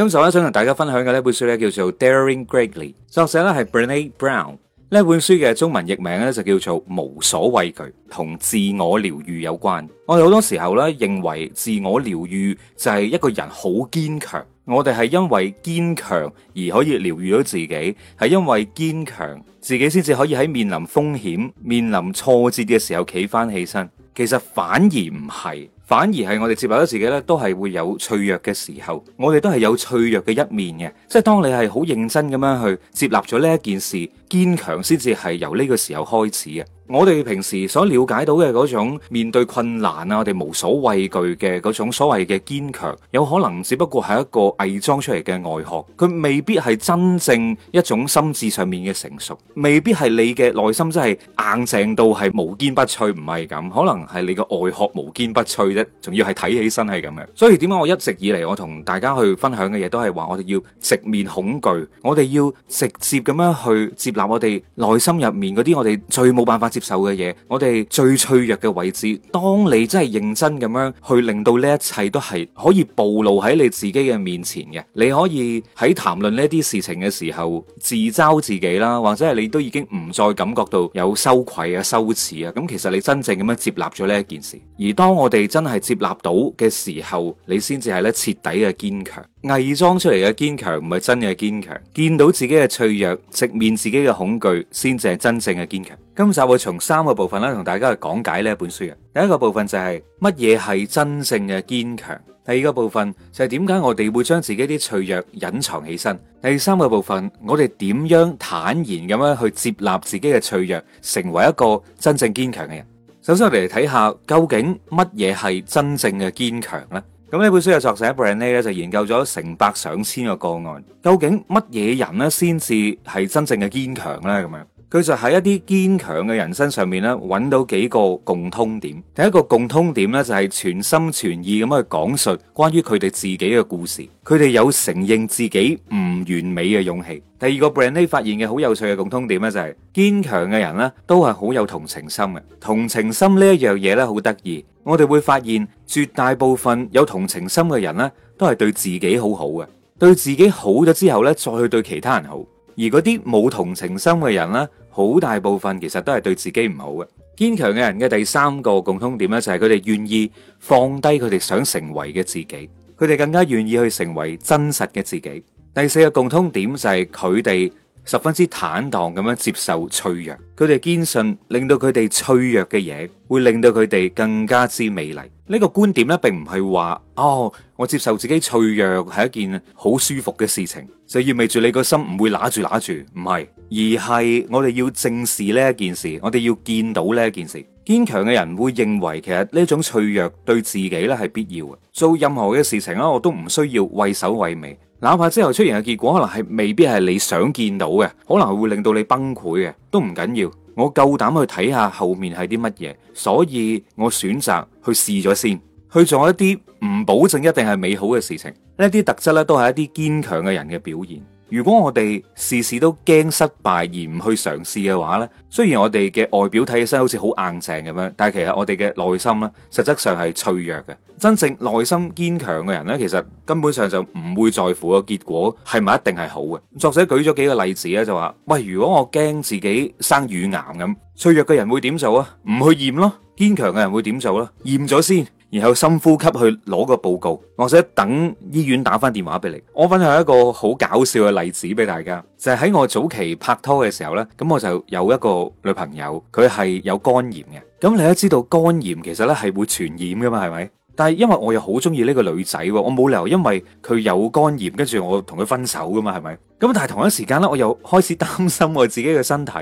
今日咧想同大家分享嘅呢本書咧叫做《Daring Greatly》，作者咧係 Brené Brown。呢本書嘅中文譯名咧就叫做《無所畏懼》，同自我療愈有關。我哋好多時候咧認為自我療愈就係一個人好堅強，我哋係因為堅強而可以療愈到自己，係因為堅強自己先至可以喺面臨風險、面臨挫折嘅時候企翻起身。其實反而唔係。反而係我哋接納咗自己咧，都係會有脆弱嘅時候。我哋都係有脆弱嘅一面嘅。即係當你係好認真咁樣去接納咗呢一件事，堅強先至係由呢個時候開始嘅。我哋平時所了解到嘅嗰種面對困難啊，我哋無所畏懼嘅嗰種所謂嘅堅強，有可能只不過係一個偽裝出嚟嘅外殼，佢未必係真正一種心智上面嘅成熟，未必係你嘅內心真係硬淨到係無堅不摧，唔係咁，可能係你嘅外殼無堅不摧啫。仲要係睇起身係咁樣。所以點解我一直以嚟我同大家去分享嘅嘢都係話我哋要直面恐懼，我哋要直接咁樣去接納我哋內心入面嗰啲我哋最冇辦法接受嘅嘢，我哋最脆弱嘅位置。當你真係認真咁樣去令到呢一切都係可以暴露喺你自己嘅面前嘅，你可以喺談論呢啲事情嘅時候自嘲自己啦，或者係你都已經唔再感覺到有羞愧啊、羞恥啊，咁其實你真正咁樣接納咗呢一件事。而當我哋真係係接納到嘅時候，你先至係咧徹底嘅堅強。偽裝出嚟嘅堅強唔係真嘅堅強。見到自己嘅脆弱，直面自己嘅恐懼，先至係真正嘅堅強。今集會從三個部分咧，同大家去講解呢本書嘅。第一個部分就係乜嘢係真正嘅堅強。第二個部分就係點解我哋會將自己啲脆弱隱藏起身。第三個部分，我哋點樣坦然咁樣去接納自己嘅脆弱，成為一個真正堅強嘅人。首先我哋嚟睇下究竟乜嘢係真正嘅堅強咧？咁呢本書嘅作者 Brandley 咧就研究咗成百上千個個案，究竟乜嘢人咧先至係真正嘅堅強咧？咁樣。佢就喺一啲堅強嘅人身上面搵到幾個共通點。第一個共通點呢，就係全心全意咁去講述關於佢哋自己嘅故事。佢哋有承認自己唔完美嘅勇氣。第二個 Brené 發現嘅好有趣嘅共通點呢，就係，就係堅強嘅人呢，都係好有同情心嘅。同情心呢一樣嘢呢，好得意。我哋會發現絕大部分有同情心嘅人呢，都係對自己好好嘅，對自己好咗之後呢，再去對其他人好。而嗰啲冇同情心嘅人呢。好大部分其實都係對自己唔好嘅。堅強嘅人嘅第三個共通點咧，就係佢哋願意放低佢哋想成為嘅自己，佢哋更加願意去成為真實嘅自己。第四個共通點就係佢哋。十分之坦蕩咁樣接受脆弱，佢哋堅信令到佢哋脆弱嘅嘢會令到佢哋更加之美麗。呢個觀點咧，並唔係話哦，我接受自己脆弱係一件好舒服嘅事情，就意味住你個心唔會拿住拿住，唔係，而係我哋要正視呢一件事，我哋要見到呢一件事。堅強嘅人會認為其實呢種脆弱對自己咧係必要嘅，做任何嘅事情啦，我都唔需要畏首畏尾。哪怕之後出現嘅結果可能係未必係你想見到嘅，可能係會令到你崩潰嘅，都唔緊要。我夠膽去睇下後面係啲乜嘢，所以我選擇去試咗先，去做一啲唔保證一定係美好嘅事情。呢啲特質咧，都係一啲堅強嘅人嘅表現。如果我哋事事都驚失敗而唔去嘗試嘅話呢，雖然我哋嘅外表睇起身好似好硬淨咁樣，但係其實我哋嘅內心呢，實質上係脆弱嘅。真正內心堅強嘅人呢，其實根本上就唔會在乎個結果係咪一定係好嘅。作者舉咗幾個例子呢，就話喂，如果我驚自己生乳癌咁，脆弱嘅人會點做啊？唔去驗咯。堅強嘅人會點做咧？驗咗先。然後深呼吸去攞個報告，或者等醫院打翻電話俾你。我分享一個好搞笑嘅例子俾大家，就係喺我早期拍拖嘅時候呢，咁我就有一個女朋友，佢係有肝炎嘅。咁你都知道肝炎其實咧係會傳染噶嘛，係咪？但係因為我又好中意呢個女仔，我冇理由因為佢有肝炎，跟住我同佢分手噶嘛，係咪？咁但係同一時間咧，我又開始擔心我自己嘅身體。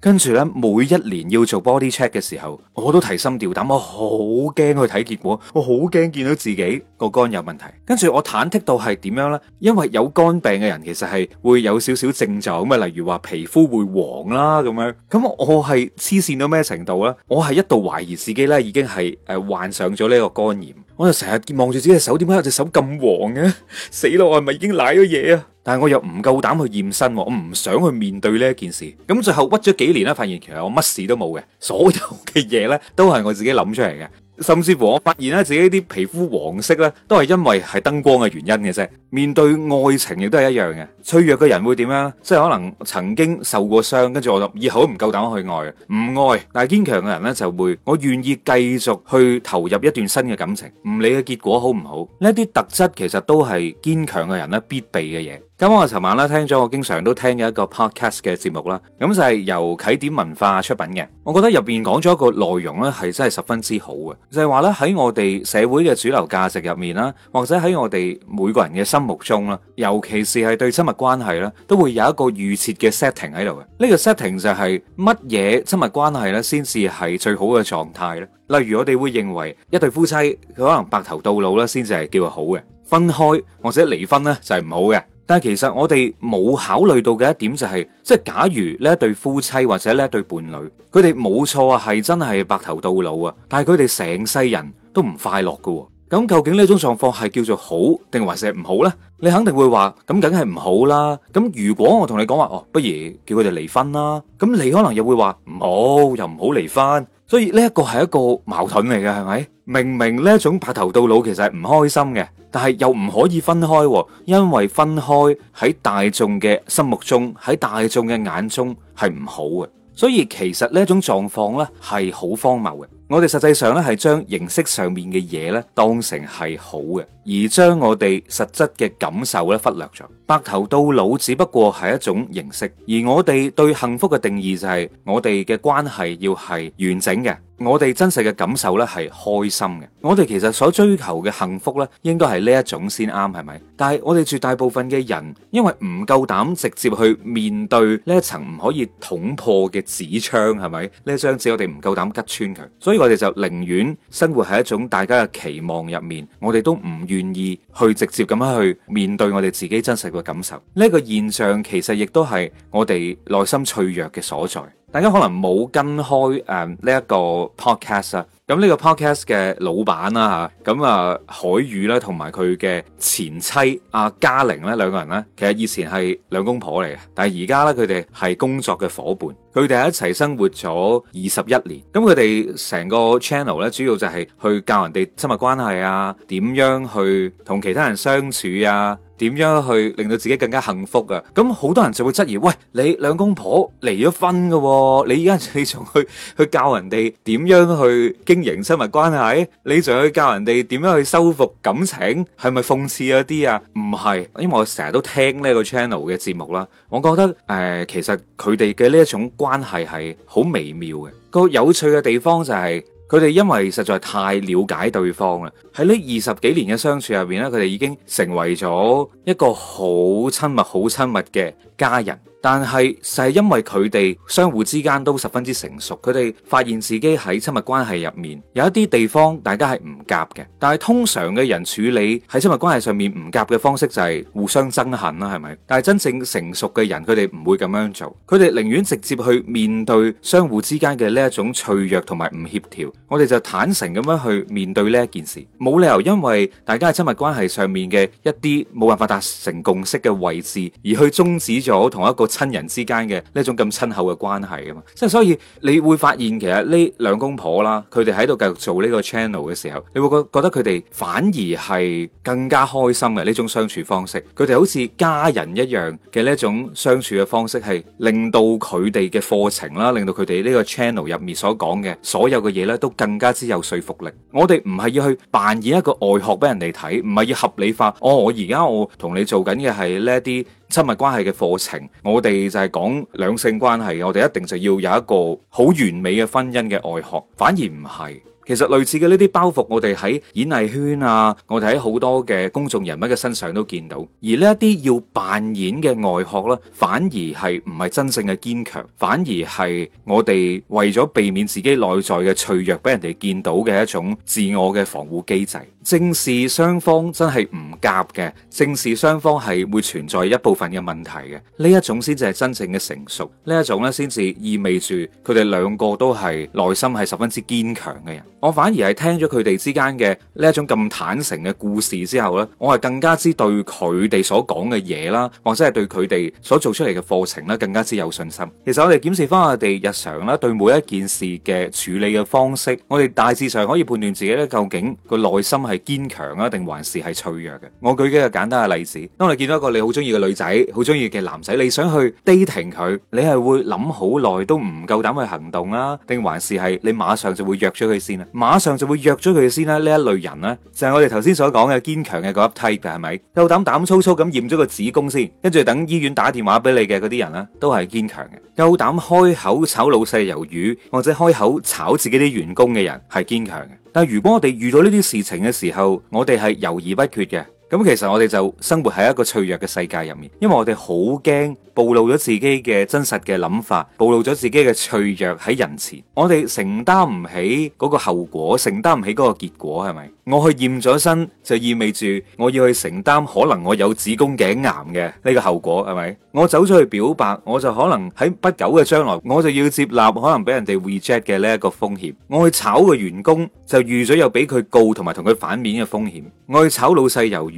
跟住咧，每一年要做 body check 嘅時候，我都提心吊膽，我好驚去睇結果，我好驚見到自己個肝有問題。跟住我忐忑到係點樣呢？因為有肝病嘅人其實係會有少少症狀，咁啊，例如話皮膚會黃啦，咁樣。咁我係黐線到咩程度呢？我係一度懷疑自己咧已經係誒患上咗呢個肝炎。我就成日望住自己嘅手，點解有隻手咁黃嘅？死咯，我係咪已經瀨咗嘢啊？但係我又唔夠膽去驗身，我唔想去面對呢一件事。咁最後屈咗幾年啦，發現其實我乜事都冇嘅，所有嘅嘢咧都係我自己諗出嚟嘅。甚至乎我發現咧自己啲皮膚黃色咧都係因為係燈光嘅原因嘅啫。面對愛情亦都係一樣嘅，脆弱嘅人會點樣？即係可能曾經受過傷，跟住我以後都唔夠膽去愛，唔愛。但係堅強嘅人咧就會，我願意繼續去投入一段新嘅感情，唔理嘅結果好唔好。呢一啲特質其實都係堅強嘅人咧必備嘅嘢。今晚我尋晚咧聽咗我經常都聽嘅一個 podcast 嘅節目啦，咁就係由啟點文化出品嘅，我覺得入邊講咗一個內容咧係真係十分之好嘅，就係話咧喺我哋社會嘅主流價值入面啦，或者喺我哋每個人嘅心目中啦，尤其是係對親密關係啦，都會有一個預設嘅 setting 喺度嘅。呢個 setting 就係乜嘢親密關係咧先至係最好嘅狀態咧？例如我哋會認為一對夫妻佢可能白頭到老咧先至係叫好嘅，分開或者離婚咧就係唔好嘅。但係其實我哋冇考慮到嘅一點就係、是，即係假如呢一對夫妻或者呢一對伴侶，佢哋冇錯啊，係真係白頭到老啊，但係佢哋成世人都唔快樂噶、哦。咁究竟呢種狀況係叫做好定還是唔好呢？你肯定會話，咁梗係唔好啦。咁如果我同你講話，哦，不如叫佢哋離婚啦，咁你可能又會話唔好，又唔好離婚。所以呢一個係一個矛盾嚟嘅，係咪？明明呢一種白頭到老其實係唔開心嘅，但係又唔可以分開、哦，因為分開喺大眾嘅心目中，喺大眾嘅眼中係唔好嘅。所以其實呢一種狀況呢係好荒謬嘅。我哋實際上咧係將形式上面嘅嘢咧，當成係好嘅，而將我哋實質嘅感受咧忽略咗。白頭到老只不過係一種形式，而我哋對幸福嘅定義就係我哋嘅關係要係完整嘅。我哋真實嘅感受咧係開心嘅，我哋其實所追求嘅幸福咧，應該係呢一種先啱，係咪？但係我哋絕大部分嘅人，因為唔夠膽直接去面對呢一層唔可以捅破嘅紙窗，係咪？呢一張紙我哋唔夠膽吉穿佢，所以我哋就寧願生活喺一種大家嘅期望入面，我哋都唔願意去直接咁樣去面對我哋自己真實嘅感受。呢一個現象其實亦都係我哋內心脆弱嘅所在。大家可能冇跟開誒呢一個 podcast pod 啊，咁呢個 podcast 嘅老闆啦吓，咁啊海宇啦，同埋佢嘅前妻阿、啊、嘉玲咧，兩個人咧，其實以前係兩公婆嚟嘅，但係而家咧佢哋係工作嘅夥伴。佢哋喺一齊生活咗二十一年，咁佢哋成個 channel 咧，主要就係去教人哋親密關係啊，點樣去同其他人相處啊，點樣去令到自己更加幸福啊。咁好多人就會質疑，喂，你兩公婆離咗婚噶，哦，你而家你仲去去教人哋點樣去經營親密關係？你仲去教人哋點樣去修復感情？係咪諷刺一啲啊？唔係，因為我成日都聽呢個 channel 嘅節目啦，我覺得誒、呃，其實佢哋嘅呢一種關。關係係好微妙嘅，個有趣嘅地方就係佢哋因為實在太了解對方啦，喺呢二十幾年嘅相處入邊咧，佢哋已經成為咗一個好親密、好親密嘅家人。但係，就係因為佢哋相互之間都十分之成熟，佢哋發現自己喺親密關係入面有一啲地方大家係唔夾嘅。但係通常嘅人處理喺親密關係上面唔夾嘅方式就係互相憎恨啦，係咪？但係真正成熟嘅人，佢哋唔會咁樣做，佢哋寧願直接去面對相互之間嘅呢一種脆弱同埋唔協調。我哋就坦誠咁樣去面對呢一件事，冇理由因為大家喺親密關係上面嘅一啲冇辦法達成共識嘅位置，而去終止咗同一個。親人之間嘅呢一種咁親厚嘅關係啊嘛，即係所以你會發現其實呢兩公婆啦，佢哋喺度繼續做呢個 channel 嘅時候，你會覺覺得佢哋反而係更加開心嘅呢種相處方式。佢哋好似家人一樣嘅呢一種相處嘅方式，係令到佢哋嘅課程啦，令到佢哋呢個 channel 入面所講嘅所有嘅嘢呢，都更加之有說服力。我哋唔係要去扮演一個外殼俾人哋睇，唔係要合理化哦，我而家我同你做緊嘅係呢啲。親密關係嘅課程，我哋就係講兩性關係，我哋一定就要有一個好完美嘅婚姻嘅愛學，反而唔係。其實類似嘅呢啲包袱，我哋喺演藝圈啊，我哋喺好多嘅公眾人物嘅身上都見到。而呢一啲要扮演嘅外殼咧，反而係唔係真正嘅堅強，反而係我哋為咗避免自己內在嘅脆弱，俾人哋見到嘅一種自我嘅防護機制。正視雙方真係唔夾嘅，正視雙方係會存在一部分嘅問題嘅。呢一種先至係真正嘅成熟，呢一種咧先至意味住佢哋兩個都係內心係十分之堅強嘅人。我反而係聽咗佢哋之間嘅呢一種咁坦誠嘅故事之後呢，我係更加之對佢哋所講嘅嘢啦，或者係對佢哋所做出嚟嘅課程呢，更加之有信心。其實我哋檢視翻我哋日常啦，對每一件事嘅處理嘅方式，我哋大致上可以判斷自己呢，究竟個內心係堅強啊，定還是係脆弱嘅。我舉幾個簡單嘅例子，當你見到一個你好中意嘅女仔，好中意嘅男仔，你想去 dating 佢，你係會諗好耐都唔夠膽去行動啊，定還是係你馬上就會約咗佢先啊？馬上就會約咗佢先啦、啊，呢一類人咧、啊、就係、是、我哋頭先所講嘅堅強嘅嗰 type 係咪？夠膽膽粗粗咁驗咗個子宮先，跟住等醫院打電話俾你嘅嗰啲人咧、啊、都係堅強嘅。夠膽開口炒老細魷魚，或者開口炒自己啲員工嘅人係堅強嘅。但係如果我哋遇到呢啲事情嘅時候，我哋係猶豫不決嘅。咁其實我哋就生活喺一個脆弱嘅世界入面，因為我哋好驚暴露咗自己嘅真實嘅諗法，暴露咗自己嘅脆弱喺人前，我哋承擔唔起嗰個後果，承擔唔起嗰個結果係咪？我去驗咗身就意味住我要去承擔可能我有子宮頸癌嘅呢個後果係咪？我走咗去表白我就可能喺不久嘅將來我就要接納可能俾人哋 reject 嘅呢一個風險。我去炒個員工就預咗有俾佢告同埋同佢反面嘅風險。我去炒老細魷魚。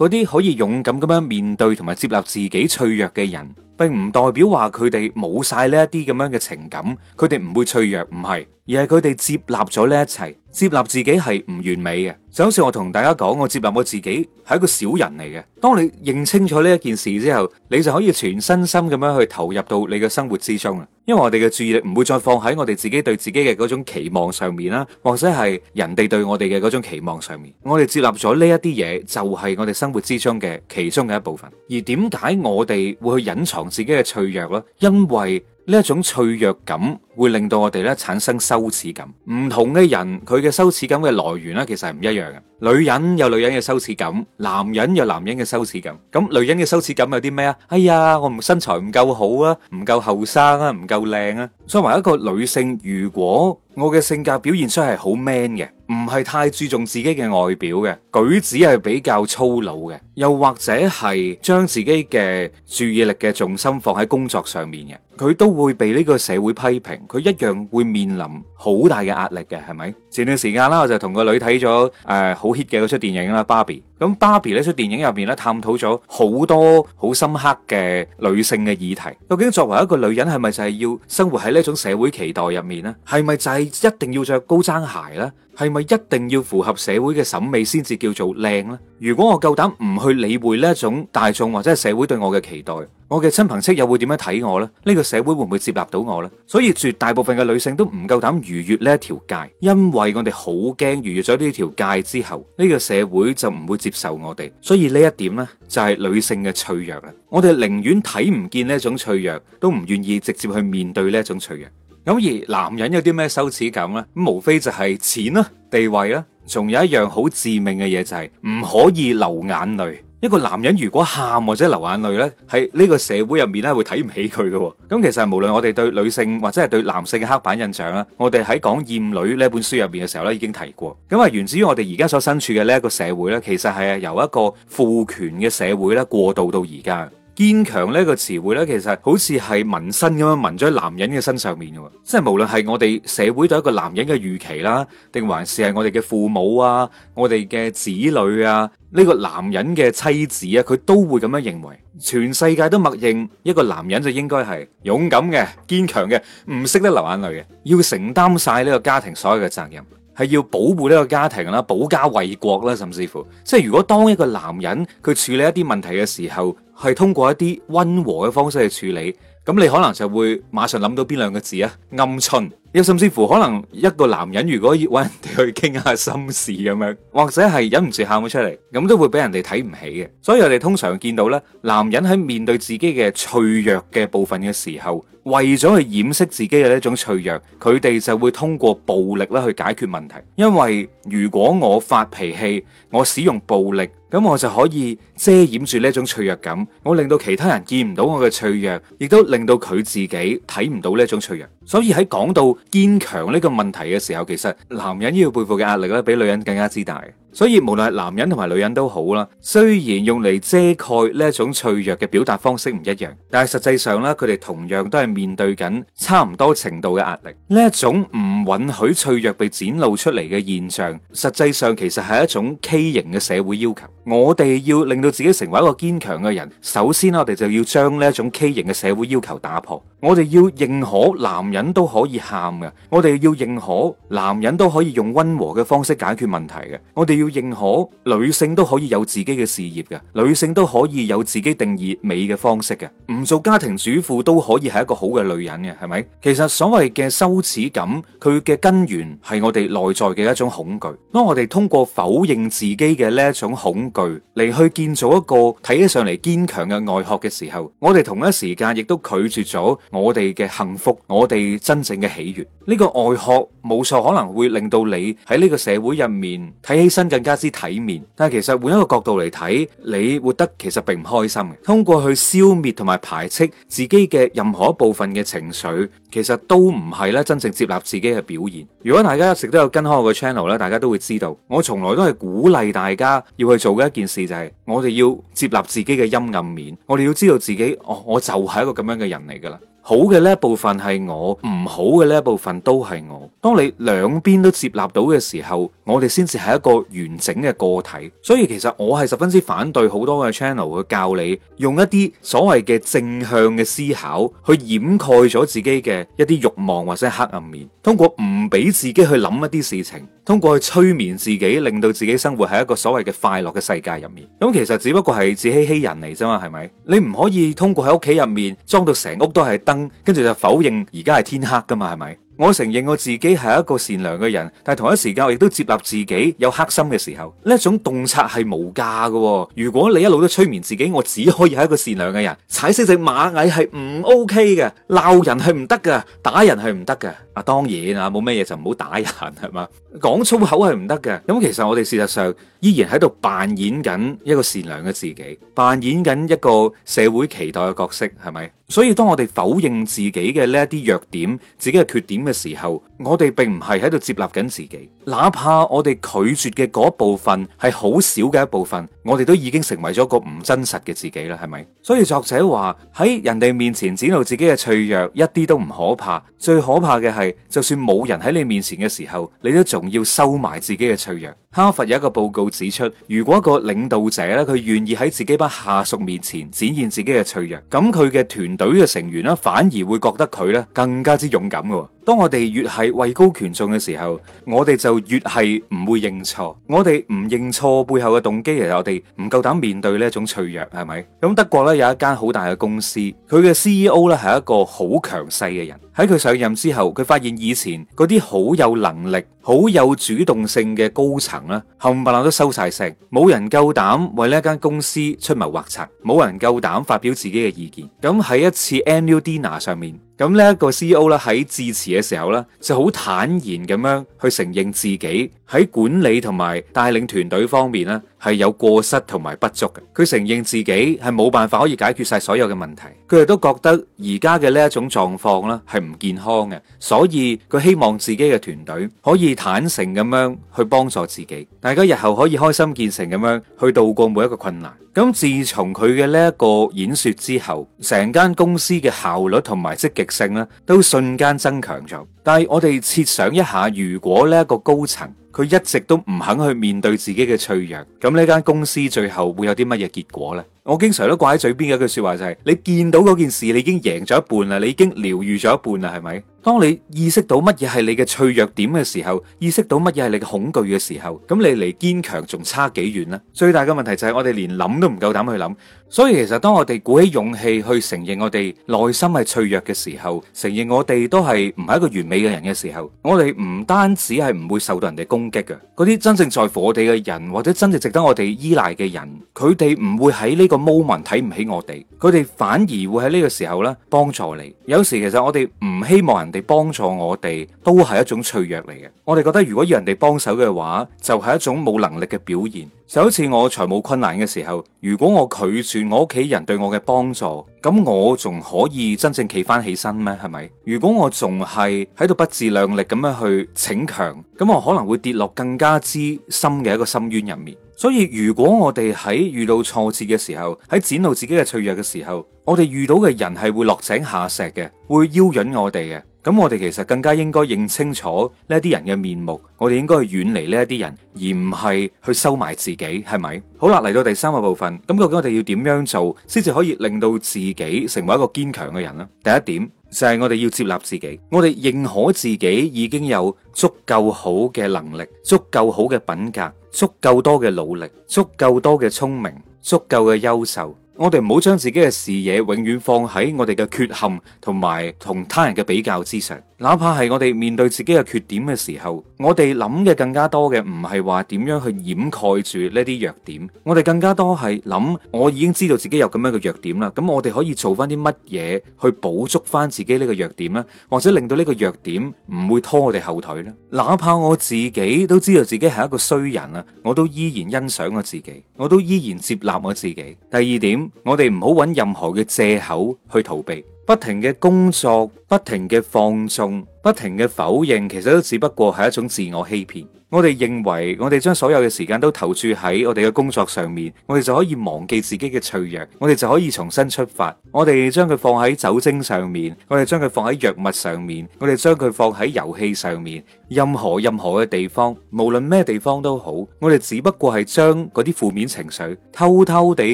嗰啲可以勇敢咁樣面對同埋接納自己脆弱嘅人，並唔代表話佢哋冇晒呢一啲咁樣嘅情感，佢哋唔會脆弱，唔係，而係佢哋接納咗呢一切，接納自己係唔完美嘅。就好似我同大家講，我接納我自己係一個小人嚟嘅。當你認清楚呢一件事之後，你就可以全身心咁樣去投入到你嘅生活之中啦。因為我哋嘅注意力唔會再放喺我哋自己對自己嘅嗰種期望上面啦，或者係人哋對我哋嘅嗰種期望上面。我哋接納咗呢一啲嘢，就係我哋生活之中嘅其中嘅一部分。而點解我哋會去隱藏自己嘅脆弱咧？因為呢一種脆弱感，會令到我哋咧產生羞恥感。唔同嘅人佢嘅羞恥感嘅來源咧，其實係唔一樣嘅。女人有女人嘅羞恥感，男人有男人嘅羞恥感。咁女人嘅羞恥感有啲咩啊？哎呀，我唔身材唔夠好啊，唔夠後生啊，唔夠靚啊。作為一個女性，如果我嘅性格表現出係好 man 嘅，唔係太注重自己嘅外表嘅，舉止係比較粗魯嘅，又或者係將自己嘅注意力嘅重心放喺工作上面嘅，佢都會被呢個社會批評。佢一樣會面臨好大嘅壓力嘅，係咪？前段時間啦，我就同個女睇咗誒好 hit 嘅嗰出電影啦，Barbie《芭比》。咁《芭比》呢出電影入面咧，探討咗好多好深刻嘅女性嘅議題。究竟作為一個女人，係咪就係要生活喺呢種社會期待入面呢？係咪就係一定要着高踭鞋呢？係咪一定要符合社會嘅審美先至叫做靚呢？如果我夠膽唔去理會呢一種大眾或者係社會對我嘅期待，我嘅親朋戚友會點樣睇我呢？呢個社會會唔會接納到我呢？所以絕大部分嘅女性都唔夠膽逾越呢一條界，因為我哋好驚逾越咗呢條界之後，呢個社會就唔會接受我哋。所以呢一點呢，就係女性嘅脆弱啦。我哋寧願睇唔見呢一種脆弱，都唔願意直接去面對呢一種脆弱。咁而男人有啲咩羞恥感咧？咁無非就係錢啦、地位啦，仲有一樣好致命嘅嘢就係、是、唔可以流眼淚。一個男人如果喊或者流眼淚咧，喺呢個社會入面咧，會睇唔起佢嘅。咁其實無論我哋對女性或者係對男性嘅刻板印象啦，我哋喺講厭女呢本書入邊嘅時候咧，已經提過。咁啊，源自於我哋而家所身處嘅呢一個社會咧，其實係由一個父權嘅社會咧過渡到而家。堅強呢個詞彙呢，其實好似係紋身咁樣紋咗喺男人嘅身上面嘅，即係無論係我哋社會對一個男人嘅預期啦，定還是係我哋嘅父母啊，我哋嘅子女啊，呢個男人嘅妻子啊，佢都會咁樣認為，全世界都默認一個男人就應該係勇敢嘅、堅強嘅，唔識得流眼淚嘅，要承擔晒呢個家庭所有嘅責任，係要保護呢個家庭啦、保家衛國啦，甚至乎即係如果當一個男人佢處理一啲問題嘅時候，係通過一啲溫和嘅方式去處理，咁你可能就會馬上諗到邊兩個字啊？暗春。又甚至乎可能一個男人如果要揾人哋去傾下心事咁樣，或者係忍唔住喊咗出嚟，咁都會俾人哋睇唔起嘅。所以我哋通常見到咧，男人喺面對自己嘅脆弱嘅部分嘅時候，為咗去掩飾自己嘅呢種脆弱，佢哋就會通過暴力咧去解決問題。因為如果我發脾氣，我使用暴力，咁我就可以遮掩住呢種脆弱感，我令到其他人見唔到我嘅脆弱，亦都令到佢自己睇唔到呢種脆弱。所以喺講到堅強呢個問題嘅時候，其實男人要背負嘅壓力咧，比女人更加之大。所以無論係男人同埋女人都好啦，雖然用嚟遮蓋呢一種脆弱嘅表達方式唔一樣，但係實際上咧，佢哋同樣都係面對緊差唔多程度嘅壓力。呢一種唔允許脆弱被展露出嚟嘅現象，實際上其實係一種畸形嘅社會要求。我哋要令到自己成為一個堅強嘅人，首先我哋就要將呢一種畸形嘅社會要求打破。我哋要認可男人都可以喊嘅，我哋要認可男人都可以用溫和嘅方式解決問題嘅，我哋。要認可女性都可以有自己嘅事業嘅，女性都可以有自己定義美嘅方式嘅，唔做家庭主婦都可以係一個好嘅女人嘅，係咪？其實所謂嘅羞恥感，佢嘅根源係我哋內在嘅一種恐懼。當我哋通過否認自己嘅呢一種恐懼嚟去建造一個睇起上嚟堅強嘅外殼嘅時候，我哋同一時間亦都拒絕咗我哋嘅幸福，我哋真正嘅喜悅呢個外殼。冇錯，可能會令到你喺呢個社會入面睇起身更加之體面，但係其實換一個角度嚟睇，你活得其實並唔開心嘅。通過去消滅同埋排斥自己嘅任何一部分嘅情緒，其實都唔係咧真正接納自己嘅表現。如果大家一直都有跟開我嘅 channel 咧，大家都會知道，我從來都係鼓勵大家要去做嘅一件事，就係我哋要接納自己嘅陰暗面，我哋要知道自己，我、哦、我就係一個咁樣嘅人嚟噶啦。好嘅呢一部分係我，唔好嘅呢一部分都係我。當你兩邊都接納到嘅時候，我哋先至係一個完整嘅個體。所以其實我係十分之反對好多嘅 channel 去教你用一啲所謂嘅正向嘅思考去掩蓋咗自己嘅一啲慾望或者黑暗面。通過唔俾自己去諗一啲事情，通過去催眠自己，令到自己生活喺一個所謂嘅快樂嘅世界入面。咁其實只不過係自欺欺人嚟啫嘛，係咪？你唔可以通過喺屋企入面裝到成屋都係。跟住就否認而家係天黑噶嘛，係咪？我承認我自己係一個善良嘅人，但係同一時間我亦都接納自己有黑心嘅時候。呢一種洞察係無價嘅哦。如果你一路都催眠自己，我只可以係一個善良嘅人。踩死隻螞蟻係唔 OK 嘅，鬧人係唔得嘅，打人係唔得嘅。啊，當然啊，冇咩嘢，就唔好打人係嘛。講粗口係唔得嘅，咁、嗯、其實我哋事實上依然喺度扮演緊一個善良嘅自己，扮演緊一個社會期待嘅角色，係咪？所以當我哋否認自己嘅呢一啲弱點、自己嘅缺點嘅時候，我哋並唔係喺度接納緊自己，哪怕我哋拒絕嘅嗰部分係好少嘅一部分，我哋都已經成為咗個唔真實嘅自己啦，係咪？所以作者話喺人哋面前展露自己嘅脆弱一啲都唔可怕，最可怕嘅係就算冇人喺你面前嘅時候，你都仲。仲要收埋自己嘅脆弱。哈佛有一個報告指出，如果一個領導者咧，佢願意喺自己班下屬面前展現自己嘅脆弱，咁佢嘅團隊嘅成員咧，反而會覺得佢咧更加之勇敢嘅哦。當我哋越係位高權重嘅時候，我哋就越係唔會認錯。我哋唔認錯背後嘅動機其實係我哋唔夠膽面對呢一種脆弱，係咪？咁德國咧有一間好大嘅公司，佢嘅 C E O 咧係一個好強勢嘅人。喺佢上任之後，佢發現以前嗰啲好有能力、好有主動性嘅高層咧，冚唪唥都收晒聲，冇人夠膽為呢一間公司出謀劃策，冇人夠膽發表自己嘅意見。咁喺一次 annual dinner 上面。咁呢一個 CEO 呢喺致辭嘅時候呢，就好坦然咁樣去承認自己喺管理同埋帶領團隊方面呢係有過失同埋不足嘅。佢承認自己係冇辦法可以解決晒所有嘅問題。佢亦都覺得而家嘅呢一種狀況呢係唔健康嘅，所以佢希望自己嘅團隊可以坦誠咁樣去幫助自己，大家日後可以開心見誠咁樣去度過每一個困難。咁自從佢嘅呢一個演說之後，成間公司嘅效率同埋積極。性咧都瞬間增強咗，但係我哋設想一下，如果呢一個高層佢一直都唔肯去面對自己嘅脆弱，咁呢間公司最後會有啲乜嘢結果呢？我經常都掛喺嘴邊嘅一句說話就係：你見到嗰件事，你已經贏咗一半啦，你已經療愈咗一半啦，係咪？當你意識到乜嘢係你嘅脆弱點嘅時候，意識到乜嘢係你嘅恐懼嘅時候，咁你離堅強仲差幾遠呢？最大嘅問題就係我哋連諗都唔夠膽去諗。所以其實當我哋鼓起勇氣去承認我哋內心係脆弱嘅時候，承認我哋都係唔係一個完美嘅人嘅時候，我哋唔單止係唔會受到人哋攻擊嘅，嗰啲真正在乎我哋嘅人或者真正值得我哋依賴嘅人，佢哋唔會喺呢個 moment 睇唔起我哋，佢哋反而會喺呢個時候咧幫助你。有時其實我哋唔希望人。人哋幫助我哋都係一種脆弱嚟嘅。我哋覺得如果要人哋幫手嘅話，就係一種冇能力嘅表現。就好似我財務困難嘅時候，如果我拒絕我屋企人對我嘅幫助，咁我仲可以真正企翻起身咩？係咪？如果我仲係喺度不自量力咁樣去逞強，咁我可能會跌落更加之深嘅一個深淵入面。所以如果我哋喺遇到挫折嘅時候，喺展露自己嘅脆弱嘅時候，我哋遇到嘅人係會落井下石嘅，會邀引我哋嘅。咁我哋其實更加應該認清楚呢一啲人嘅面目，我哋應該去遠離呢一啲人，而唔係去收埋自己，係咪？好啦，嚟到第三個部分，咁究竟我哋要點樣做先至可以令到自己成為一個堅強嘅人咧？第一點就係我哋要接納自己，我哋認可自己已經有足夠好嘅能力、足夠好嘅品格、足夠多嘅努力、足夠多嘅聰明、足夠嘅優秀。我哋唔好將自己嘅視野永遠放喺我哋嘅缺陷同埋同他人嘅比較之上。哪怕係我哋面對自己嘅缺點嘅時候，我哋諗嘅更加多嘅唔係話點樣去掩蓋住呢啲弱點，我哋更加多係諗，我已經知道自己有咁樣嘅弱點啦。咁我哋可以做翻啲乜嘢去補足翻自己呢個弱點咧？或者令到呢個弱點唔會拖我哋後腿咧？哪怕我自己都知道自己係一個衰人呀，我都依然欣賞我自己，我都依然接納我自己。第二點，我哋唔好揾任何嘅借口去逃避。不停嘅工作，不停嘅放縱。不停嘅否認，其實都只不過係一種自我欺騙。我哋認為，我哋將所有嘅時間都投注喺我哋嘅工作上面，我哋就可以忘記自己嘅脆弱，我哋就可以重新出發。我哋將佢放喺酒精上面，我哋將佢放喺藥物上面，我哋將佢放喺遊戲上面，任何任何嘅地方，無論咩地方都好，我哋只不過係將嗰啲負面情緒偷偷地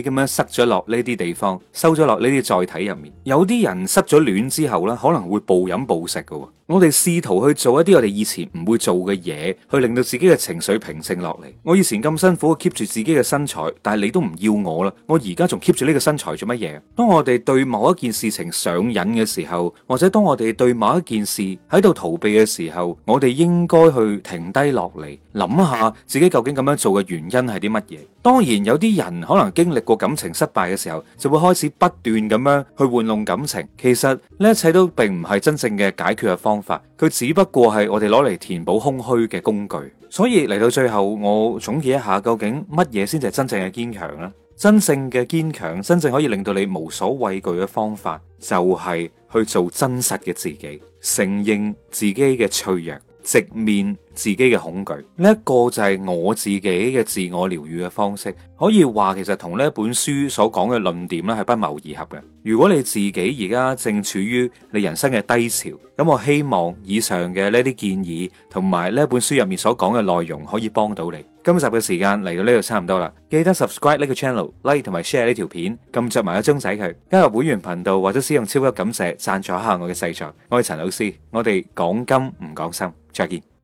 咁樣塞咗落呢啲地方，收咗落呢啲載體入面。有啲人失咗戀之後咧，可能會暴飲暴食嘅。我哋試圖去做一啲我哋以前唔會做嘅嘢，去令到自己嘅情緒平靜落嚟。我以前咁辛苦 keep 住自己嘅身材，但係你都唔要我啦。我而家仲 keep 住呢個身材做乜嘢？當我哋對某一件事情上癮嘅時候，或者當我哋對某一件事喺度逃避嘅時候，我哋應該去停低落嚟，諗下自己究竟咁樣做嘅原因係啲乜嘢。當然有啲人可能經歷過感情失敗嘅時候，就會開始不斷咁樣去玩弄感情。其實呢一切都並唔係真正嘅解決嘅方法，佢只不過係我哋攞嚟填補空虛嘅工具。所以嚟到最後，我總結一下，究竟乜嘢先至係真正嘅堅強呢？真正嘅堅強，真正可以令到你無所畏懼嘅方法，就係去做真實嘅自己，承認自己嘅脆弱。直面自己嘅恐懼，呢一個就係我自己嘅自我療愈嘅方式，可以話其實同呢一本書所講嘅論點咧係不謀而合嘅。如果你自己而家正處於你人生嘅低潮，咁我希望以上嘅呢啲建議同埋呢一本書入面所講嘅內容可以幫到你。今集嘅時間嚟到呢度差唔多啦，記得 subscribe 呢個 channel、like 同埋 share 呢條片，撳着埋個鐘仔佢，加入會員頻道或者使用超級感謝，贊助一下我嘅製作。我係陳老師，我哋講金唔講心，再見。